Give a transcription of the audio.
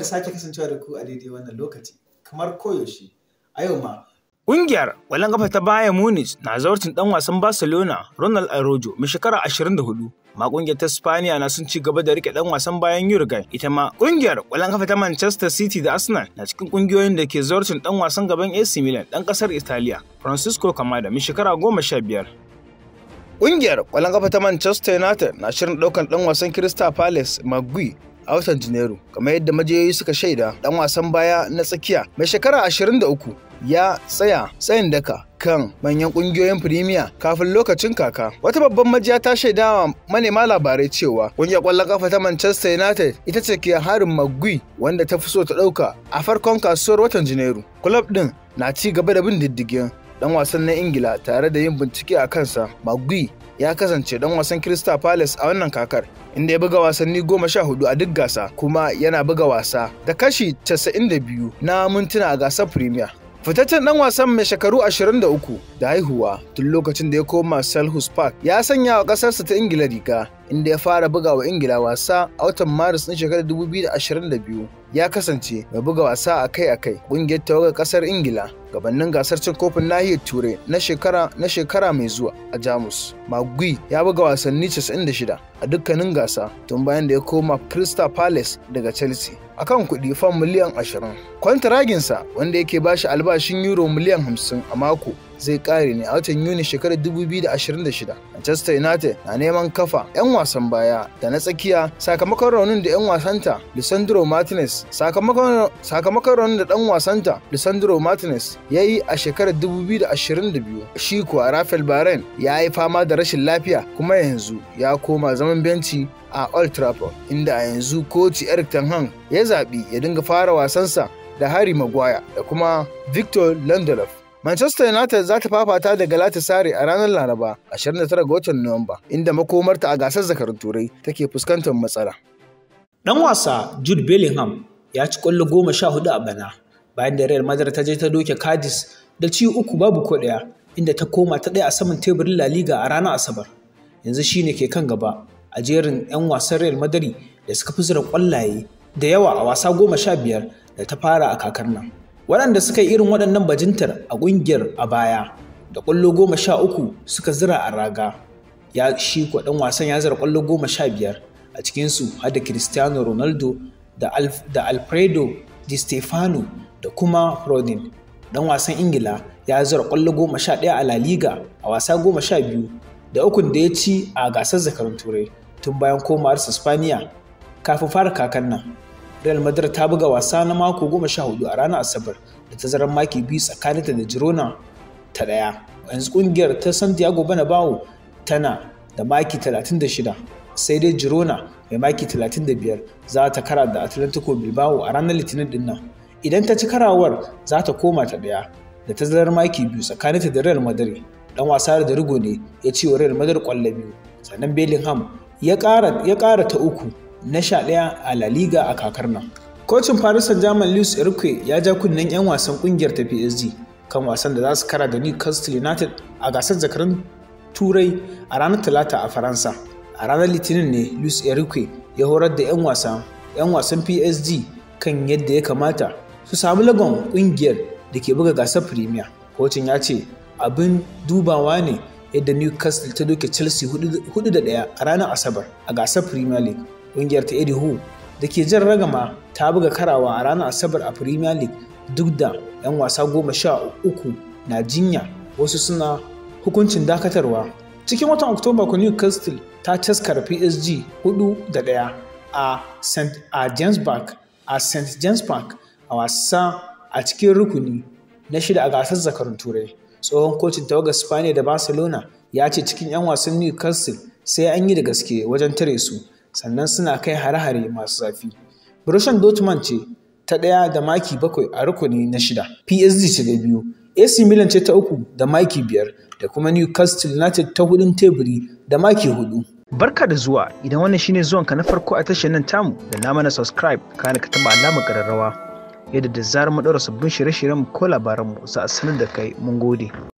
da sake kasancewa da ku a daidai wannan lokaci, kamar koyaushe, a yau ma. Ƙungiyar walan kafa ta Bayern Munich na zawarcin ɗan wasan Barcelona Ronald Arojo mai shekara 24. ma ƙungiyar ta Spaniya na sun ci gaba da rike ɗan wasan bayan Jurgen. Ita ma ƙungiyar kwallon kafa ta Manchester City da Arsenal na cikin ƙungiyoyin da ke zawarcin dan wasan gaban AC Milan dan ƙasar Italiya, Francisco Kamada mai shekara goma sha biyar. ƙungiyar kwallon kafa ta Manchester United na shirin ɗaukar ɗan wasan Crystal Palace Magui a watan Janairu, kamar yadda majiyoyi suka shaida dan wasan baya na tsakiya mai shekara 23 ya tsaya tsayin daka kan manyan kungiyoyin firimiya kafin lokacin kaka. Wata babban majiya ta shaida wa manema labarai cewa kungiyar kwallon kafa ta Manchester United ita ce ke harin Magui wanda ta fi so ta ɗauka a farkon kasuwar watan Janairu. Kulob ɗin na ci gaba da bin diddigin dan wasan na ingila tare da yin bincike a kansa magui ya kasance dan wasan crystal palace a wannan kakar inda ya buga wasanni goma sha hudu a duk gasa kuma yana buga wasa da kashi 92 na mintuna a gasar premier Fitaccen ɗan wasan mai shekaru 23 da haihuwa tun lokacin da ya koma Selhurst Park ya sanya wa ƙasarsa ta Ingila riga inda ya fara buga wa Ingila wasa a watan Maris na shekarar 2022. Ya kasance mai buga wasa a kai-a kai ƙungiyar tawagar ƙasar Ingila gabanin gasar cin kofin nahiyar Turai na shekara na shekara mai zuwa a Jamus. Magui ya buga wasanni 96 a dukkanin gasa tun bayan da ya koma Crystal Palace daga Chelsea. akan kuɗi fam miliyan 20. Kwantaraginsa wanda yake bashi albashin euro miliyan 50 a mako zai kare ne a watan Yuni shekarar 2026. Manchester United na neman kafa 'yan wasan baya da na tsakiya sakamakon raunin da 'yan wasanta lissandro Martinez sakamakon raunin da dan wasanta lissandro Martinez ya yi a shekarar 2022. Shi kuwa Rafael Varane ya yi fama da rashin lafiya kuma yanzu ya koma zaman benci a Old Trafford inda a yanzu koci Eric Ten Hag ya zaɓi ya dinga fara wasansa da Harry Maguire da kuma Victor Lindelof Manchester United za ta fafata da Galatasaray a ranar Laraba 29 ga watan Nuwamba, inda makomarta a gasar zakarun Turai take fuskantar matsala. Dan wasa Jude Bellingham ya ci kwallo goma sha hudu a bana bayan da Real Madrid ta je ta doke Cadiz da ci uku babu ko ɗaya inda ta koma ta ɗaya a saman teburin La Liga a ranar Asabar. Yanzu shine ke kan gaba a jerin 'yan wasan Real Madrid da suka fi zira kwallaye da yawa a wasa goma sha biyar da ta fara a kakar nan. waɗanda suka yi irin waɗannan bajintar a ƙungiyar a baya da ƙwallo goma sha uku suka zira a raga ya shi ɗan wasan ya zira ƙwallo goma sha biyar a cikinsu har da cristiano ronaldo da, alfredo di stefano da kuma rodin ɗan wasan ingila ya zira ƙwallo goma sha ɗaya a la liga a wasa goma sha biyu da ukun da ya ci a gasar zakarun turai tun bayan komawarsa spaniya kafin fara kakan nan Real Madrid ta buga wasa na mako goma sha hudu a ranar Asabar da ta zarar maki biyu tsakaninta da Girona ta ɗaya. Yanzu ƙungiyar ta Santiago Bernabeu tana da maki 36 sai dai Girona mai maki 35 za ta kara da Atletico Bilbao a ranar Litinin din nan. Idan ta ci karawar za ta koma ta ɗaya da ta tazarar maki biyu tsakaninta da Real Madrid. Dan wasa da rigo ne ya ce wa Real Madrid kwallo biyu sannan Bellingham ya kara ta uku na sha ɗaya a La Liga a kakar nan. Kocin Paris Saint-Germain Lewis Irkwe ya ja kunnen 'yan wasan kungiyar ta PSG kan wasan da za su kara da Newcastle United a gasar zakarun Turai a ranar Talata a Faransa. A ranar Litinin ne Lewis Irkwe ya horar da 'yan wasan 'yan wasan PSG kan yadda ya kamata su samu lagon ƙungiyar da ke buga gasar Premier. Kocin ya ce abin dubawa ne yadda Newcastle ta doke Chelsea 4-1 a ranar Asabar a gasar Premier League. ƙungiyar ta Eddie da ke jan ragama ta buga karawa a ranar Asabar a Premier League duk da 'yan wasa goma sha uku na jinya wasu suna hukuncin dakatarwa. Cikin watan Oktoba ku Newcastle ta taskara PSG 4 da 1 a St. James Park a St. James Park a wasa a cikin rukuni na shida a gasar zakarun turai. Tsohon kocin tawagar Spaniya da Barcelona ya ce cikin 'yan wasan Newcastle sai an yi da gaske wajen tare su sannan suna kai hare-hare masu zafi. Borussia Dortmund ce ta ɗaya da maki bakwai a rukuni na shida. PSG ce da biyu, AC Milan ce ta uku da maki biyar da kuma Newcastle United ta hudun teburi da maki hudu. Barka da zuwa idan wannan shine zuwanka na farko a tashar nan tamu da nama na mana subscribe kana ka taba alamar kararrawa yadda da zarar mu daura sabbin shirye-shiryen ko labaranmu za a sanar da kai mun gode.